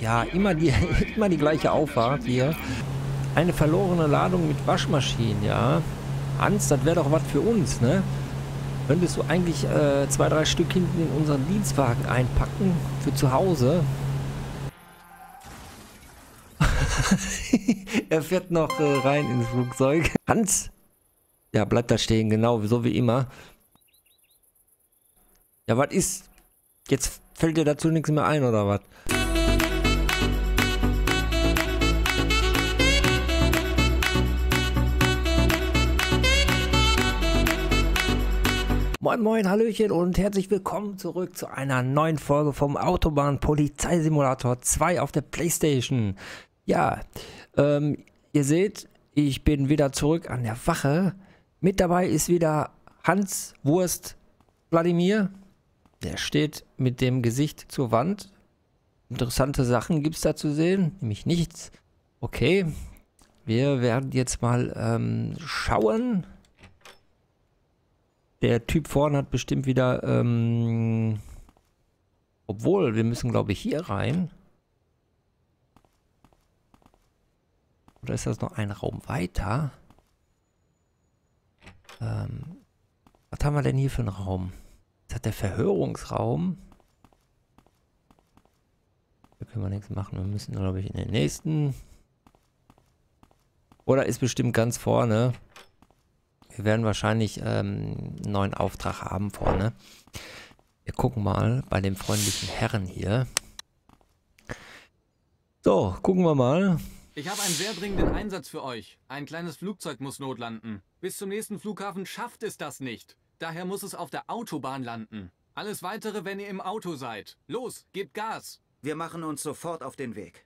ja, immer die, immer die gleiche Auffahrt hier. Eine verlorene Ladung mit Waschmaschinen, ja. Hans, das wäre doch was für uns, ne? Könntest du eigentlich äh, zwei, drei Stück hinten in unseren Dienstwagen einpacken für zu Hause? er fährt noch äh, rein ins Flugzeug. Hans! Ja, bleibt da stehen, genau, so wie immer. Ja, was ist? Jetzt fällt dir dazu nichts mehr ein, oder was? Moin Moin, Hallöchen und herzlich willkommen zurück zu einer neuen Folge vom Autobahn Polizeisimulator 2 auf der Playstation. Ja, ähm, ihr seht, ich bin wieder zurück an der Wache. Mit dabei ist wieder Hans Wurst Wladimir. Der steht mit dem Gesicht zur Wand. Interessante Sachen gibt es da zu sehen, nämlich nichts. Okay, wir werden jetzt mal ähm, schauen, der Typ vorne hat bestimmt wieder, ähm, obwohl, wir müssen glaube ich hier rein. Oder ist das noch ein Raum weiter? Ähm, was haben wir denn hier für einen Raum? Ist das der Verhörungsraum. Da können wir nichts machen. Wir müssen, glaube ich, in den nächsten. Oder ist bestimmt ganz vorne. Wir werden wahrscheinlich ähm, einen neuen Auftrag haben vorne. Wir gucken mal bei dem freundlichen Herren hier. So, gucken wir mal. Ich habe einen sehr dringenden Einsatz für euch. Ein kleines Flugzeug muss notlanden. Bis zum nächsten Flughafen schafft es das nicht. Daher muss es auf der Autobahn landen. Alles weitere, wenn ihr im Auto seid. Los, gebt Gas! Wir machen uns sofort auf den Weg.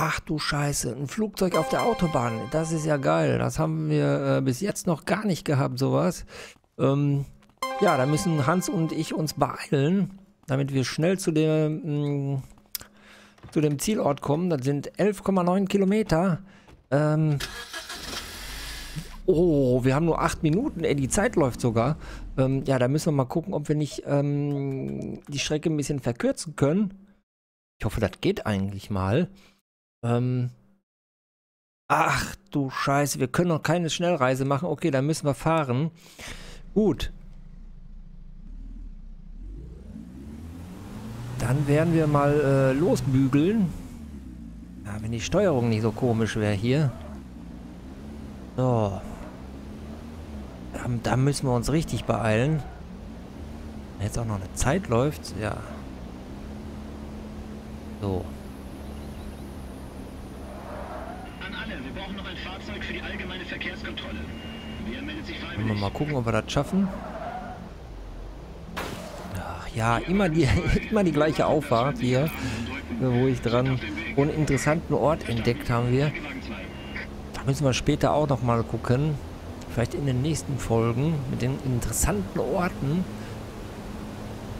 Ach du Scheiße, ein Flugzeug auf der Autobahn, das ist ja geil. Das haben wir äh, bis jetzt noch gar nicht gehabt, sowas. Ähm, ja, da müssen Hans und ich uns beeilen, damit wir schnell zu dem, mh, mm, zu dem Zielort kommen. Das sind 11,9 Kilometer. Ähm, oh, wir haben nur 8 Minuten, ey, die Zeit läuft sogar. Ähm, ja, da müssen wir mal gucken, ob wir nicht ähm, die Strecke ein bisschen verkürzen können. Ich hoffe, das geht eigentlich mal. Ähm, ach du Scheiße, wir können noch keine Schnellreise machen. Okay, dann müssen wir fahren. Gut. Dann werden wir mal äh, losbügeln. Ja, wenn die Steuerung nicht so komisch wäre hier. So. Da, müssen wir uns richtig beeilen. Wenn jetzt auch noch eine Zeit läuft, ja. So. Wollen wir mal gucken, ob wir das schaffen. Ach ja, immer die, immer die gleiche Auffahrt hier, wo ich dran einen interessanten Ort entdeckt haben wir. Da müssen wir später auch nochmal gucken. Vielleicht in den nächsten Folgen mit den interessanten Orten,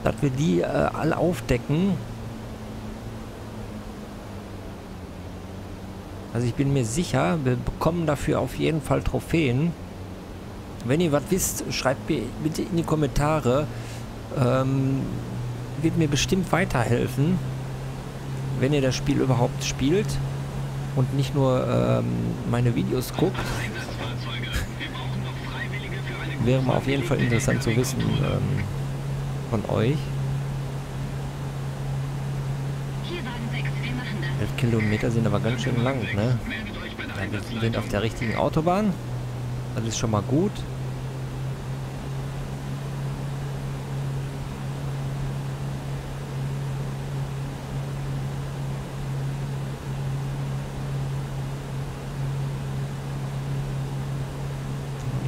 dass wir die äh, alle aufdecken. Also ich bin mir sicher, wir bekommen dafür auf jeden Fall Trophäen. Wenn ihr was wisst, schreibt mir bitte in die Kommentare. Ähm, wird mir bestimmt weiterhelfen, wenn ihr das Spiel überhaupt spielt und nicht nur ähm, meine Videos guckt. Wäre mal auf jeden Fall interessant zu wissen ähm, von euch. 11 Kilometer sind aber ganz schön lang, ne? Ja, wir sind auf der richtigen Autobahn. Das ist schon mal gut.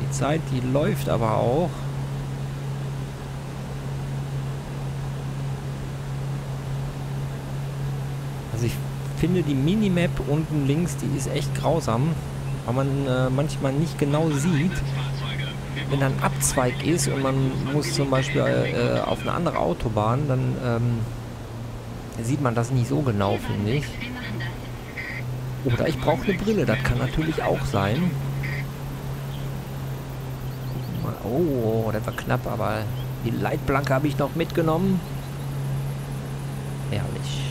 Die Zeit, die läuft aber auch. Also ich finde die Minimap unten links, die ist echt grausam weil man äh, manchmal nicht genau sieht, wenn da ein Abzweig ist und man muss zum Beispiel äh, auf eine andere Autobahn, dann ähm, sieht man das nicht so genau, finde ich. Oder ich brauche eine Brille, das kann natürlich auch sein. Oh, das war knapp, aber die Leitplanke habe ich noch mitgenommen. Herrlich.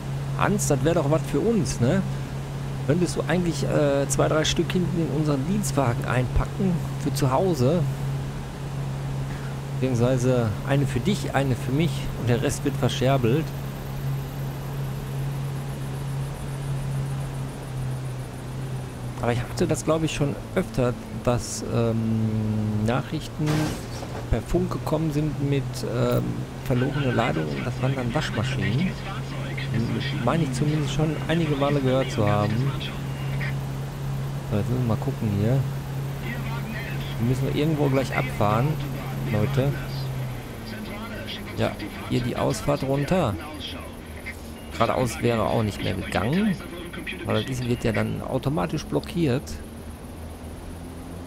Hans, das wäre doch was für uns, ne? Könntest du eigentlich äh, zwei, drei Stück hinten in unseren Dienstwagen einpacken für zu Hause? Beziehungsweise eine für dich, eine für mich und der Rest wird verscherbelt. Aber ich hatte das, glaube ich, schon öfter, dass ähm, Nachrichten per Funk gekommen sind mit ähm, verlorener Ladung und das waren dann Waschmaschinen meine ich zumindest schon einige Male gehört zu haben. So, jetzt müssen wir mal gucken hier. Wir müssen wir irgendwo gleich abfahren, Leute. Ja, hier die Ausfahrt runter. Geradeaus wäre auch nicht mehr gegangen. Weil diese wird ja dann automatisch blockiert.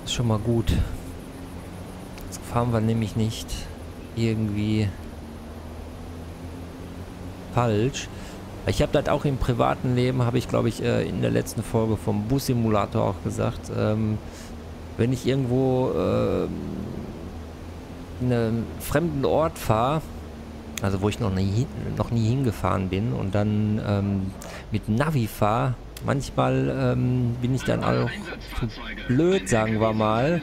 Ist schon mal gut. Jetzt fahren wir nämlich nicht irgendwie falsch. Ich habe das auch im privaten Leben, habe ich glaube ich äh, in der letzten Folge vom Bus-Simulator auch gesagt, ähm, wenn ich irgendwo äh, in einen fremden Ort fahre, also wo ich noch nie, noch nie hingefahren bin und dann ähm, mit Navi fahre, manchmal ähm, bin ich dann auch zu blöd, sagen wir mal,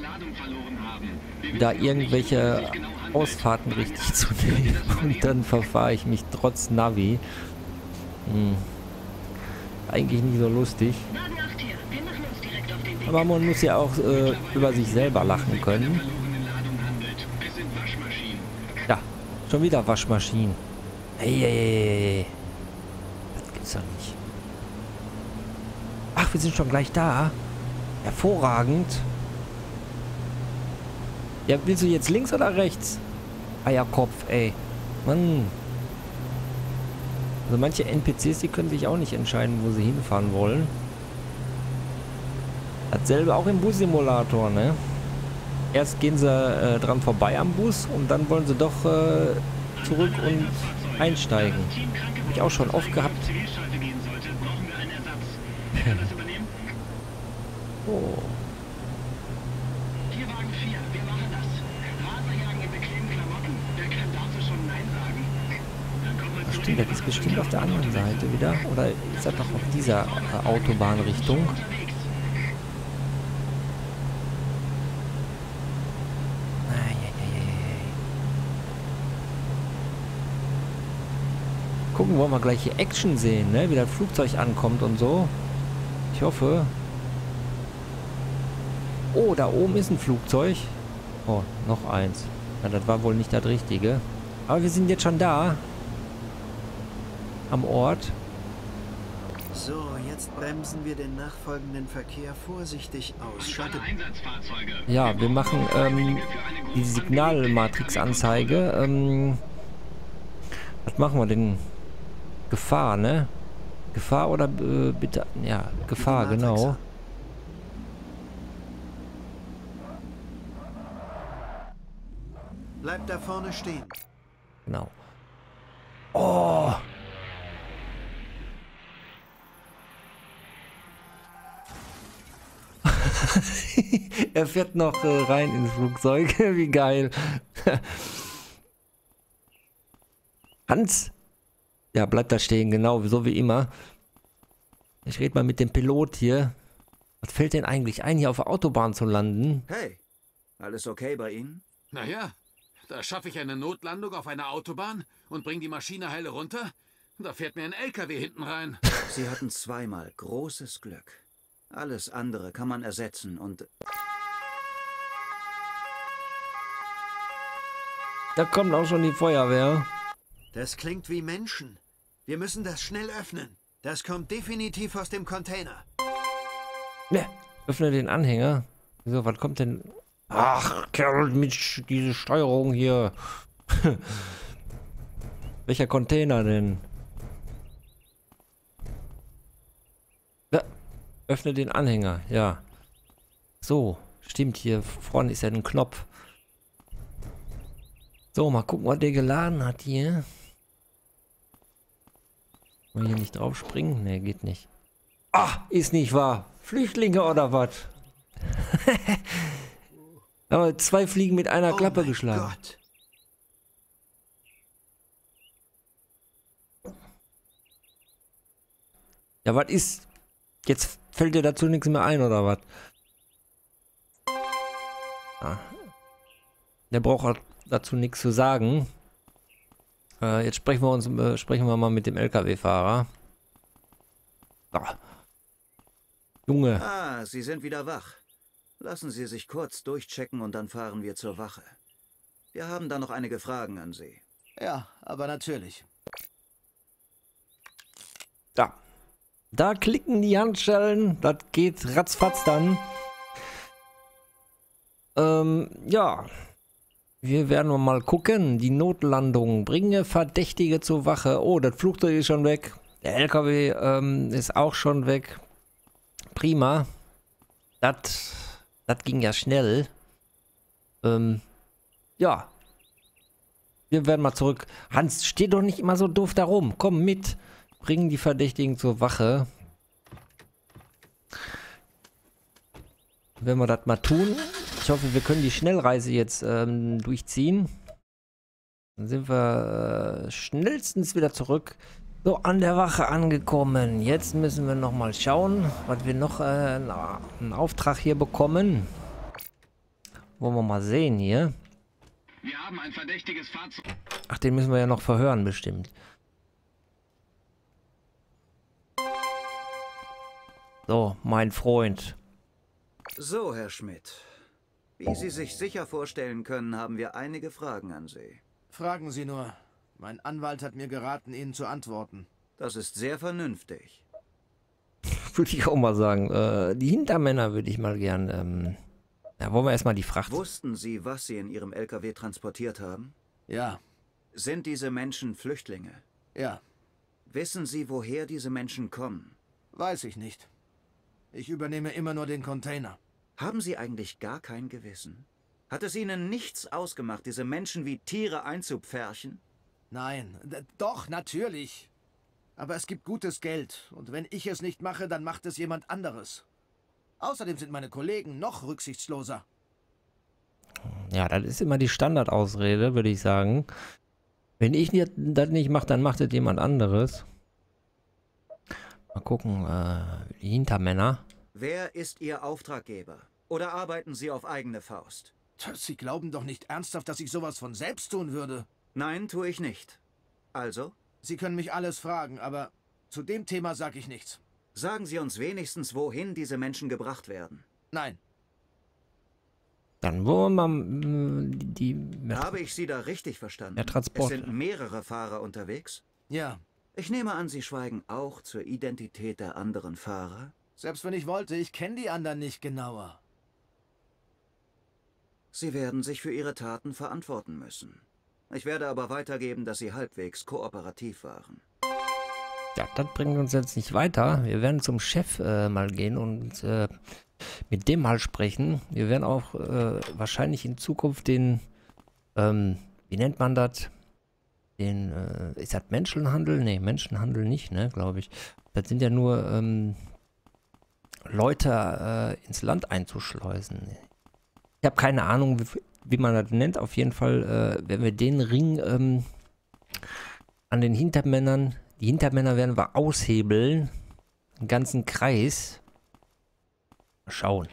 da irgendwelche Ausfahrten richtig zu nehmen und dann verfahre ich mich trotz Navi. Hm. Eigentlich nicht so lustig. Aber man muss ja auch äh, über sich selber lachen können. Ja, schon wieder Waschmaschinen. Hey, hey, hey, Das gibt's doch nicht. Ach, wir sind schon gleich da. Hervorragend. Ja, willst du jetzt links oder rechts? Eierkopf, ah ey. Mann. Also manche NPCs, die können sich auch nicht entscheiden, wo sie hinfahren wollen. Dasselbe auch im Bus-Simulator, ne? Erst gehen sie äh, dran vorbei am Bus und dann wollen sie doch äh, zurück und einsteigen. Hab ich auch schon oft gehabt. oh. bestimmt, das ist bestimmt auf der anderen Seite wieder. Oder ist das noch auf dieser äh, Autobahnrichtung? Gucken wollen wir gleich hier Action sehen, ne? Wie das Flugzeug ankommt und so. Ich hoffe. Oh, da oben ist ein Flugzeug. Oh, noch eins. Na, das war wohl nicht das Richtige. Aber wir sind jetzt schon da am Ort. So, jetzt bremsen wir den nachfolgenden Verkehr vorsichtig aus. Schattet ja, wir machen ähm, die Signalmatrix-Anzeige. Ähm, was machen wir denn? Gefahr, ne? Gefahr oder äh, bitte? Ja, Gefahr, genau. Bleibt da vorne stehen. Genau. Oh! er fährt noch äh, rein ins Flugzeug. Wie geil. Hans? Ja, bleibt da stehen, genau, so wie immer. Ich rede mal mit dem Pilot hier. Was fällt denn eigentlich ein, hier auf der Autobahn zu landen? Hey, alles okay bei Ihnen? Naja, da schaffe ich eine Notlandung auf einer Autobahn und bringe die Maschine heile runter. Da fährt mir ein LKW hinten rein. Sie hatten zweimal großes Glück. Alles andere kann man ersetzen und... Da kommt auch schon die Feuerwehr. Das klingt wie Menschen. Wir müssen das schnell öffnen. Das kommt definitiv aus dem Container. Ne, öffne den Anhänger. So, was kommt denn? Ach, Kerl, mit diese Steuerung hier. Welcher Container denn? Ja, öffne den Anhänger, ja. So, stimmt, hier vorne ist ja ein Knopf. So, mal gucken, was der geladen hat hier. Wollen hier nicht drauf springen? Ne, geht nicht. Ah, ist nicht wahr. Flüchtlinge oder was? Aber zwei Fliegen mit einer oh Klappe geschlagen. Gott. Ja, was ist? Jetzt fällt dir dazu nichts mehr ein, oder was? Ah. Der braucht halt dazu nichts zu sagen. Äh, jetzt sprechen wir uns, äh, sprechen wir mal mit dem LKW-Fahrer. Ah. Junge. Ah, Sie sind wieder wach. Lassen Sie sich kurz durchchecken und dann fahren wir zur Wache. Wir haben da noch einige Fragen an Sie. Ja, aber natürlich. Da. Da klicken die Handschellen. Das geht ratzfatz dann. Ähm, ja. Wir werden mal gucken. Die Notlandung. Bringe Verdächtige zur Wache. Oh, das Flugzeug ist schon weg. Der LKW ähm, ist auch schon weg. Prima. Das das ging ja schnell. Ähm, ja. Wir werden mal zurück. Hans, steh doch nicht immer so doof da rum. Komm mit. Bringen die Verdächtigen zur Wache. Wenn wir das mal tun. Ich hoffe, wir können die Schnellreise jetzt ähm, durchziehen. Dann sind wir äh, schnellstens wieder zurück. So, an der Wache angekommen. Jetzt müssen wir nochmal schauen, was wir noch äh, einen Auftrag hier bekommen. Wollen wir mal sehen hier. Wir haben ein verdächtiges Fahrzeug. Ach, den müssen wir ja noch verhören bestimmt. So, mein Freund. So, Herr Schmidt. Wie Sie sich sicher vorstellen können, haben wir einige Fragen an Sie. Fragen Sie nur. Mein Anwalt hat mir geraten, Ihnen zu antworten. Das ist sehr vernünftig. Würde ich auch mal sagen. Äh, die Hintermänner würde ich mal gern... Ähm, da wollen wir erstmal die Fracht... Wussten Sie, was Sie in Ihrem LKW transportiert haben? Ja. Sind diese Menschen Flüchtlinge? Ja. Wissen Sie, woher diese Menschen kommen? Weiß ich nicht. Ich übernehme immer nur den Container. Haben Sie eigentlich gar kein Gewissen? Hat es Ihnen nichts ausgemacht, diese Menschen wie Tiere einzupferchen? Nein, doch, natürlich. Aber es gibt gutes Geld, und wenn ich es nicht mache, dann macht es jemand anderes. Außerdem sind meine Kollegen noch rücksichtsloser. Ja, das ist immer die Standardausrede, würde ich sagen. Wenn ich das nicht mache, dann macht es jemand anderes. Mal gucken, äh, die Hintermänner. Wer ist Ihr Auftraggeber? Oder arbeiten Sie auf eigene Faust? Sie glauben doch nicht ernsthaft, dass ich sowas von selbst tun würde. Nein, tue ich nicht. Also? Sie können mich alles fragen, aber zu dem Thema sage ich nichts. Sagen Sie uns wenigstens, wohin diese Menschen gebracht werden. Nein. Dann wo man hm, die... Habe ich Sie da richtig verstanden? Der Transport. Es sind mehrere Fahrer unterwegs? Ja. Ich nehme an, Sie schweigen auch zur Identität der anderen Fahrer? Selbst wenn ich wollte, ich kenne die anderen nicht genauer. Sie werden sich für ihre Taten verantworten müssen. Ich werde aber weitergeben, dass sie halbwegs kooperativ waren. Ja, das bringt uns jetzt nicht weiter. Wir werden zum Chef äh, mal gehen und äh, mit dem mal sprechen. Wir werden auch äh, wahrscheinlich in Zukunft den, ähm, wie nennt man das? Den, äh, ist das Menschenhandel? Ne, Menschenhandel nicht, ne, glaube ich. Das sind ja nur ähm, Leute äh, ins Land einzuschleusen. Ich habe keine Ahnung, wie, wie, man das nennt. Auf jeden Fall äh, werden wir den Ring ähm, an den Hintermännern, die Hintermänner werden wir aushebeln. Den ganzen Kreis. Mal schauen.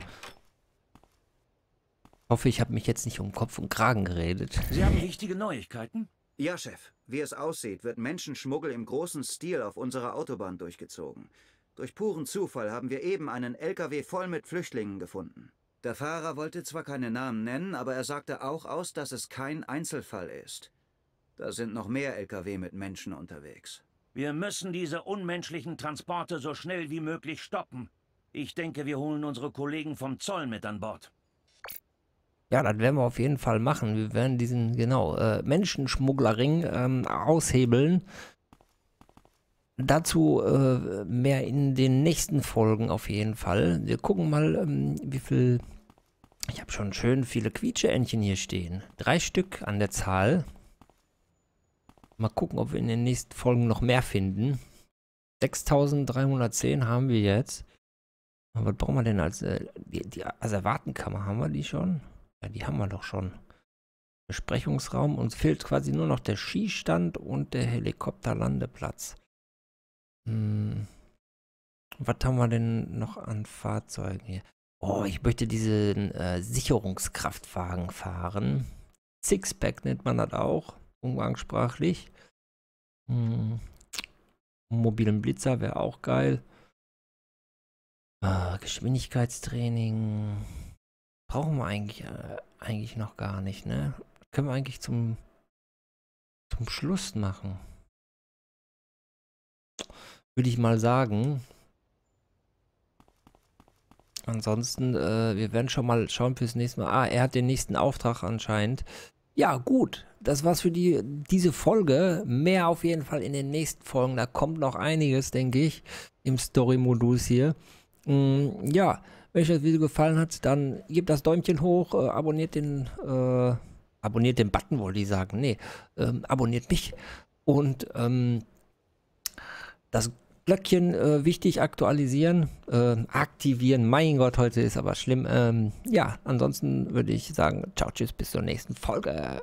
Ich hoffe, ich habe mich jetzt nicht um Kopf und Kragen geredet. Sie haben wichtige Neuigkeiten? Ja, Chef. Wie es aussieht, wird Menschenschmuggel im großen Stil auf unserer Autobahn durchgezogen. Durch puren Zufall haben wir eben einen LKW voll mit Flüchtlingen gefunden. Der Fahrer wollte zwar keine Namen nennen, aber er sagte auch aus, dass es kein Einzelfall ist. Da sind noch mehr Lkw mit Menschen unterwegs. Wir müssen diese unmenschlichen Transporte so schnell wie möglich stoppen. Ich denke, wir holen unsere Kollegen vom Zoll mit an Bord. Ja, das werden wir auf jeden Fall machen. Wir werden diesen, genau, äh, Menschenschmugglerring ähm, aushebeln Dazu äh, mehr in den nächsten Folgen auf jeden Fall. Wir gucken mal, ähm, wie viel. Ich habe schon schön viele Quietscheentchen hier stehen. Drei Stück an der Zahl. Mal gucken, ob wir in den nächsten Folgen noch mehr finden. 6310 haben wir jetzt. was brauchen wir denn als. Äh, die, die Asservatenkammer haben wir die schon? Ja, die haben wir doch schon. Besprechungsraum. Uns fehlt quasi nur noch der Skistand und der Helikopterlandeplatz. Hm. Was haben wir denn noch an Fahrzeugen hier? Oh, ich möchte diesen äh, Sicherungskraftwagen fahren. Sixpack nennt man das auch, umgangssprachlich. Hm. Mobilen Blitzer wäre auch geil. Äh, Geschwindigkeitstraining brauchen wir eigentlich, äh, eigentlich noch gar nicht, ne? Können wir eigentlich zum, zum Schluss machen würde ich mal sagen. Ansonsten, äh, wir werden schon mal schauen fürs nächste Mal. Ah, er hat den nächsten Auftrag anscheinend. Ja, gut. Das war's für die, diese Folge. Mehr auf jeden Fall in den nächsten Folgen. Da kommt noch einiges, denke ich, im Story-Modus hier. Mm, ja, wenn euch das Video gefallen hat, dann gebt das Däumchen hoch, äh, abonniert den, äh, abonniert den Button, wollte ich sagen. Nee, ähm, abonniert mich. Und ähm, das Blöckchen äh, wichtig aktualisieren, äh, aktivieren. Mein Gott, heute ist aber schlimm. Ähm, ja, ansonsten würde ich sagen, ciao, tschüss, bis zur nächsten Folge.